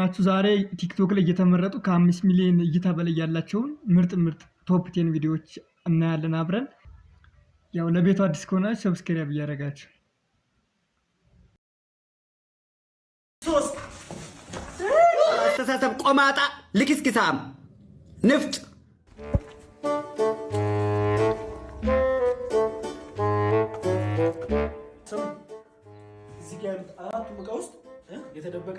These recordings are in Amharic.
ናችሁ ዛሬ ቲክቶክ ላይ እየተመረጡ ከአምስት ሚሊዮን እይታ በላይ ያላቸውን ምርጥ ምርጥ ቶፕ ቴን ቪዲዮዎች እናያለን አብረን። ያው ለቤቱ አዲስ ከሆናችሁ ሰብስክራይብ እያደረጋችሁ አስተሳሰብ ቆማጣ፣ ልክስክሳም፣ ንፍጥ እዚህ ያሉት አራቱ ዕቃ ውስጥ የተደበቀ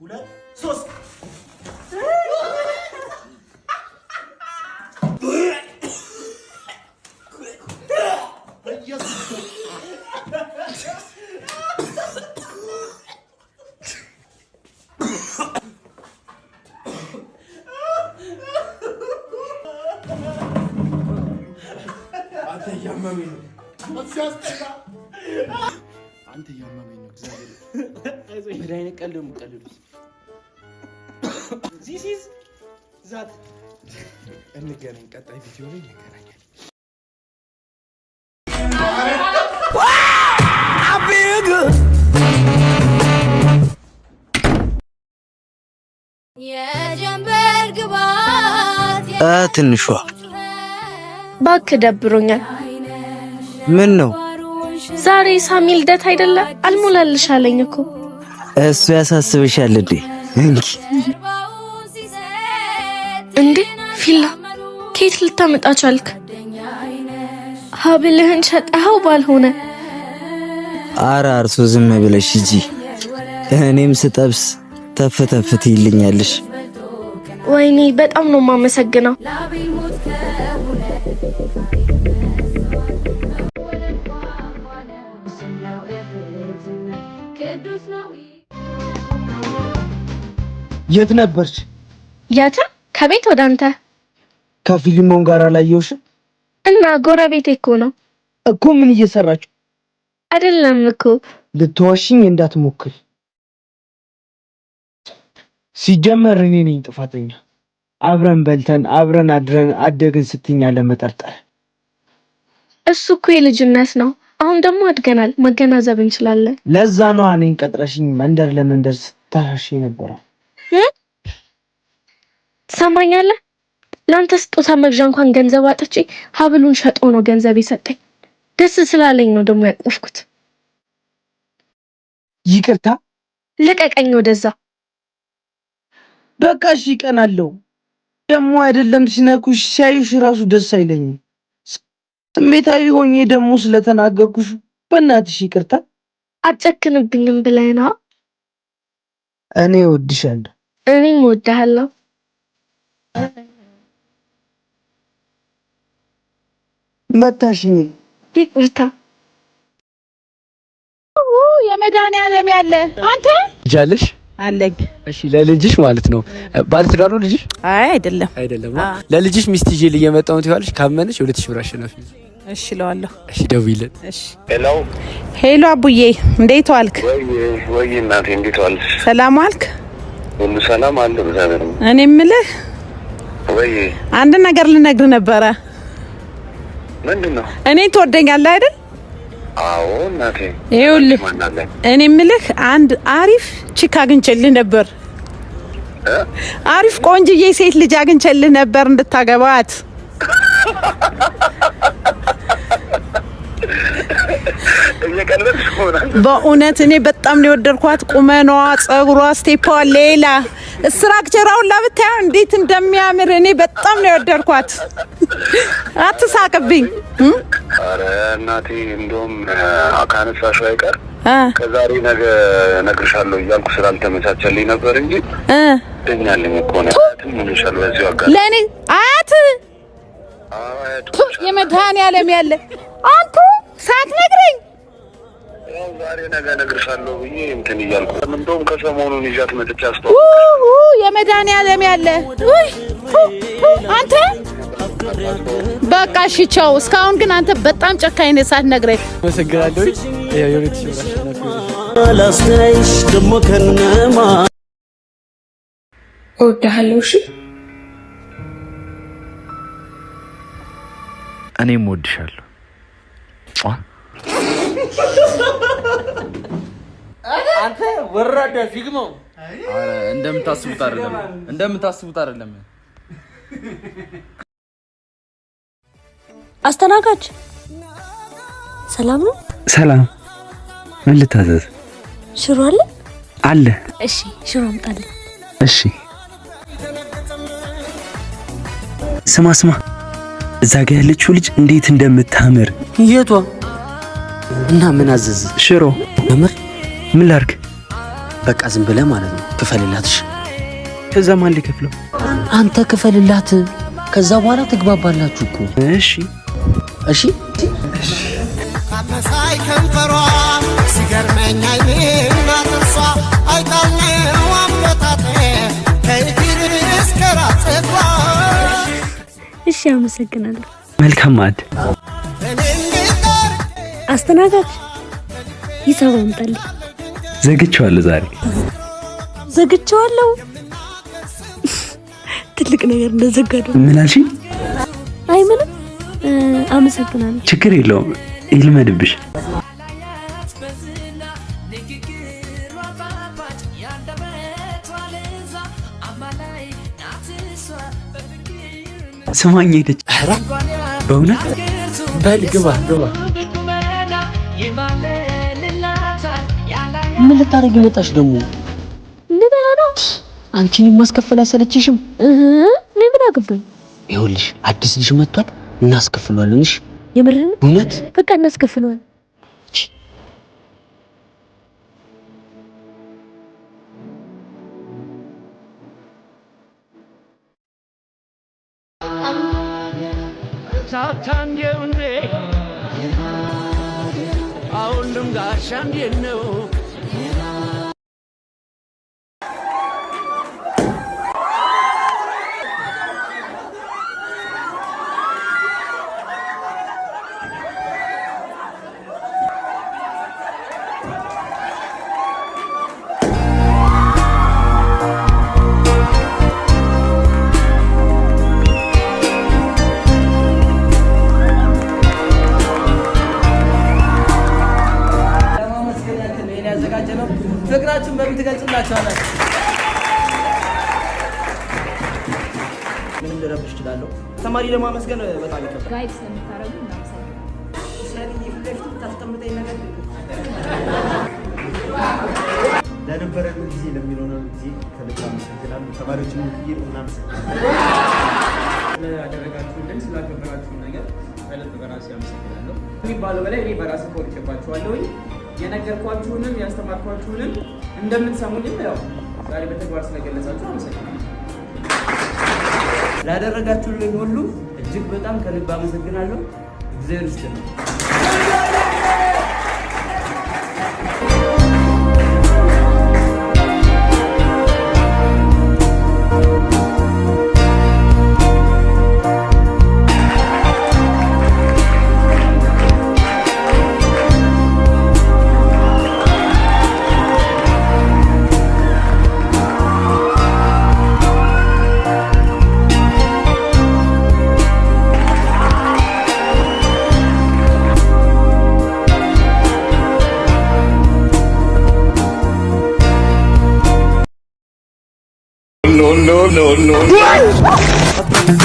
ሁለት ሶስት አንተ እያመመኝ ነው። እግዚአብሔር ምን አይነት ቀልድ ነው የምትቀልዱት? ዚስ ኢዝ ዛት። እንገናኝ፣ ቀጣይ ቪዲዮ ላይ እንገናኛለን። ትንሿ ባክ ደብሮኛል። ምን ነው ዛሬ ሳሚ ልደት አይደለም? አልሞላልሽ አለኝ እኮ። እሱ ያሳስብሻል እንዴ? እንዴ ፊላ ኬት ልታመጣ ቻልክ? ሀብልህን ሸጠኸው ባልሆነ። አረ አርሶ ዝም ብለሽ ሂጂ፣ እኔም ስጠብስ ተፍተፍት ይልኛለሽ። ወይኔ በጣም ነው የማመሰግነው። የት ነበርሽ? የትም ከቤት ወደ አንተ ከፊሊሞን ጋር አላየውሽ እና ጎረቤቴ እኮ ነው እኮ ምን እየሰራችሁ አይደለም እኮ ልትዋሽኝ ሞክል ሲጀመር እኔ ነኝ ጥፋተኛ አብረን በልተን አብረን አድረን አደግን ስትኛ ለመጠርጠር እሱ እኮ የልጅነት ነው አሁን ደግሞ አድገናል መገናዘብ እንችላለን ለዛ ነው እኔን ቀጥረሽኝ መንደር ለመንደር ስታሻሽ ነበረው ትሰማኛለህ? ለአንተ ስጦታ መግዣ እንኳን ገንዘብ አጥቼ ሀብሉን ሸጦ ነው ገንዘብ የሰጠኝ። ደስ ስላለኝ ነው ደግሞ ያቀፍኩት። ይቅርታ፣ ልቀቀኝ። ወደዛ በቃ እሺ፣ ይቀናለሁ። ደግሞ አይደለም ሲነኩሽ ሲያዩሽ ራሱ ደስ አይለኝም። ስሜታዊ ሆኜ ደግሞ ስለተናገርኩሽ በእናትሽ ይቅርታ። አጨክንብኝም ብለህ ነዋ። እኔ እወድሻለሁ። እኔም እወድሃለሁ። መታሽኝ ይቅርታ። የመድኃኒዓለም ያለ አንተ ልጅ አለኝ። እሺ፣ ለልጅሽ ማለት ነው። ባለ ነው ልጅሽ? አይ አይደለም፣ አይደለም። ለልጅሽ ሚስት ይዤ ልየመጣሁ ትይዋለሽ። ካመነሽ ሁለት ሺህ ብር አሸናፊ። እሺ እለዋለሁ። እሺ፣ ደውይለት። እሺ። ሄሎ፣ ሄሎ። አቡዬ እንዴት ዋልክ? ወይ እናቴ፣ እንዴት ዋልሽ? ሰላም ዋልክ? ሁሉ ሰላም አለ። እኔ የምልህ አንድ ነገር ልነግርህ ነበረ። ምንድን ነው? እኔ ትወደኛለህ አይደል? አዎ እናቴ። ይኸውልህ እኔ የምልህ አንድ አሪፍ ቺክ አግኝቼልህ ነበር። አሪፍ ቆንጅዬ ሴት ልጅ አግኝቼልህ ነበር እንድታገባት በእውነት እኔ በጣም ነው የወደድኳት። ቁመኗ፣ ጸጉሯ፣ ስቴፓዋ ሌላ ስትራክቸራውን ለብታዩ እንዴት እንደሚያምር እኔ በጣም ነው የወደድኳት። አትሳቅብኝ። አረ እናቴ እንደውም አካነሳሽ አይቀር ከዛሬ ነገ እነግርሻለሁ እያልኩ ስላልተመቻቸልኝ ነበር እንጂ እኛልኝ እኮ ነው ትንሻል። በዚሁ አጋር ለእኔ አያት የመድኃኔዓለም ያለ አንኩ ሳትነግረኝ ዛሬ ነገ እነግርሻለሁ ብዬ እንትን እያልኩ እንደውም ከሰሞኑን ይዣት መጥቼ የመድኃኒዓለም ያለ አንተ በቃ እሺ ቻው። እስካሁን ግን አንተ በጣም ጨካኝ ነህ ሳትነግረኝ። አመሰግናለሁ። እወድሃለሁ። እሺ እኔም እወድሻለሁ። አንተ ወራዳ ፊግሞ እንደምታስቡት አይደለም፣ እንደምታስቡት አይደለም። አስተናጋጅ ሰላም ነው። ሰላም ምን ልታዘዝ? ሽሮ አለ አለ። እሺ ሽሮ አምጣልኝ። እሺ ስማ ስማ፣ እዛ ጋ ያለችው ልጅ እንዴት እንደምታምር የቷ እና ምን አዘዝ ሽሮ ምር ምን ላርግ? በቃ ዝም ብለህ ማለት ነው ክፈልላትሽ። ከዛ ማን ሊከፍለው? አንተ ክፈልላት። ከዛ በኋላ ትግባባላችሁ እኮ። እሺ እሺ አመሳይ ከንፈሯ ሲገርመኝ አይኔና ጥርሷ አይታልነው እሺ አመሰግናለሁ። መልካም ማዕድ አስተናጋጅ ይሰባ አምጣልኝ። ዘግቼዋለሁ፣ ዛሬ ዘግቼዋለሁ። ትልቅ ነገር እንደዘጋደው ምን አልሽኝ? አይ ምንም፣ አመሰግናለሁ። ችግር የለውም፣ ይልመድብሽ። ስማኝ ሄደች። ኧረ በእውነት በል ግባ ግባ ምን ልታደርጊ መጣሽ ደግሞ? ልበላ ነው። አንቺን ማስከፈል አይሰለችሽም? እህ እኔ ምን አገባኝ? ይኸውልሽ አዲስ ልጅ መጥቷል፣ እናስከፍለዋለን። እሺ የምር እውነት? በቃ እናስከፍለዋለን። ሳታን አሁንም ጋሻ እንዴት ነው? ልረብሽ እችላለሁ። ተማሪ ለማመስገን በጣም ይከብዳል። ለነበረን ጊዜ ለሚሆነው ጊዜ ከልብ አመሰግናለሁ። ተማሪዎችን ክይል እናመሰግናለን ስለያደረጋችሁልን ስላከበራችሁ ነገር ከልብ በራሴ አመሰግናለሁ። የሚባለው በላይ እኔ በራሴ ኮርቼባችኋለሁኝ። የነገርኳችሁንም ያስተማርኳችሁንም እንደምትሰሙኝም ያው ዛሬ በተግባር ስለገለጻችሁ አመሰግናለሁ። ስላደረጋችሁልን ሁሉ እጅግ በጣም ከልብ አመሰግናለሁ። እግዚአብሔር ይስጥልን። ያዙ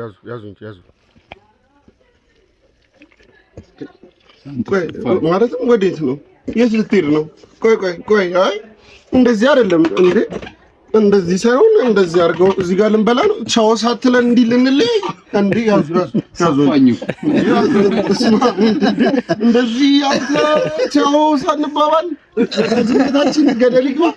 ያዙ ያዙ ያዙ ማለትም ወዴት ነው? የት ልትሄድ ነው? ቆይ ቆይ ቆይ፣ አይ እንደዚህ አይደለም እንዴ እንደዚህ ሳይሆን እንደዚህ አድርገው እዚህ ጋር ልንበላ ነው። ቻው ሳትለን እንዲህ ልንለይ እንዲህ ያዙ እንደዚህ ያዙ ቻው ሳንባባል ዝምታችን ገደል ይግባ።